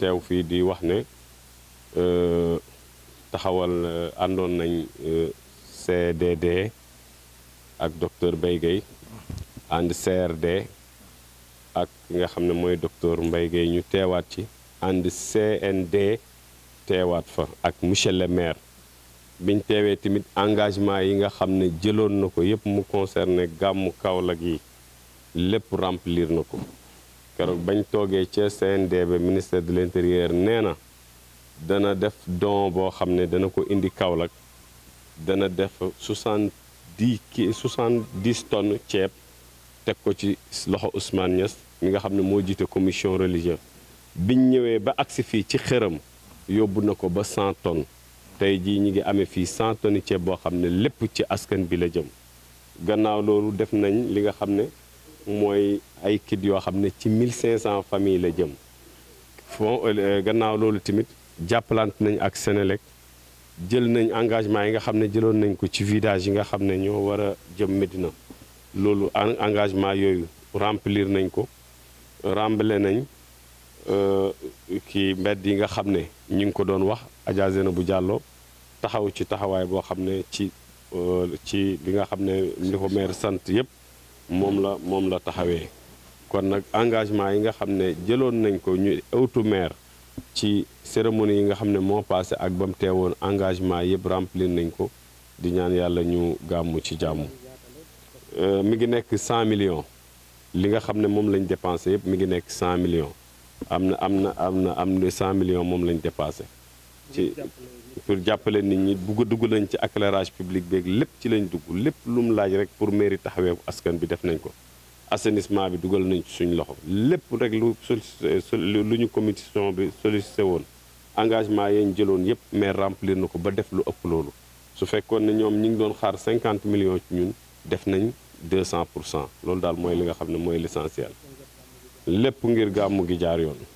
teew fii di wax ne euh, taxawal euh, àndoon nañ euh, CDD ak docteur Mbaye Guèye CRD ak ki nga xam ne mooy docteur Mbaye Guèye ñu teewaat ci ànd CND teewaat fa ak monsieur le maire biñ teewee tamit engagement yi nga xam ne jëloon na ko yépp mu concerné gàmmu Kaolack yi lépp remplir na ko keroog bañ toogee ca CNDB ministère de l'intérieur nee na dana def don boo xam ne dana ko indi Kaolack dana def soixante-dix ki soixante-dix tonnes ceeb teg ko ci loxo Ousmane Niass mi nga xam ne moo jiite commission religieuse biñ ñëwee ba agsi fii ci xëram yóbbu na ko ba cent tonnes tey jii ñi ngi amee fii cent ceeb boo xam ne lépp ci askan bi la jëm gannaaw loolu def nañ li nga xam ne mooy ay kit yoo xam ne ci 1500 familles la jëm fon euh, euh, gannaaw loolu tamit jàppalant nañ ak Sénélec jël nañ engagement yi nga xam ne jëloon nañ ko ci villages yi nga xam ne ñoo war a jëm Médina loolu engagement yooyu remplir nañ ko remble nañ euh, ki mbedd yi nga xam ne ñu ngi ko doon wax na bu jàlloo taxaw ci taxawaay boo xam ne ci ci li nga xam ne li ko maire sant yëpp moom la moom la taxawee kon nag engagement yi nga xam ne jëloon nañ ko ñu ëwtu maire ci cérémonie yi nga xam ne moo passé ak ba teewoon engagement yëpp remplir nañ ko di ñaan yàlla ñu gàmmu ci jàmm euh, mi ngi nekk 100 millions li nga xam ne moom lañ dépensé yëpp mi ngi nekk 100 millions am na am na am na am na 100 millions moom lañ dépassé ci pour jàppale nit ñi bugg dugg lañ ci éclairage public beeg lépp ci lañ dugg lépp lu mu laaj rek pour mairie taxawee askan bi def nañ ko assainissement bi dugal nañ ci suñ loxo lépp rek lu lu ñu commission bi sollicité woon engagement yañ jëloon yépp mais remplir na ko ba def lu ëpp loolu su fekkoon ne ñoom ñu ngi doon xaar 50 millions ci ñun def nañ 200 pour cent loolu daal mooy li nga xam ne mooy l'essentiel lépp ngir gàmmu ngi jaar yoon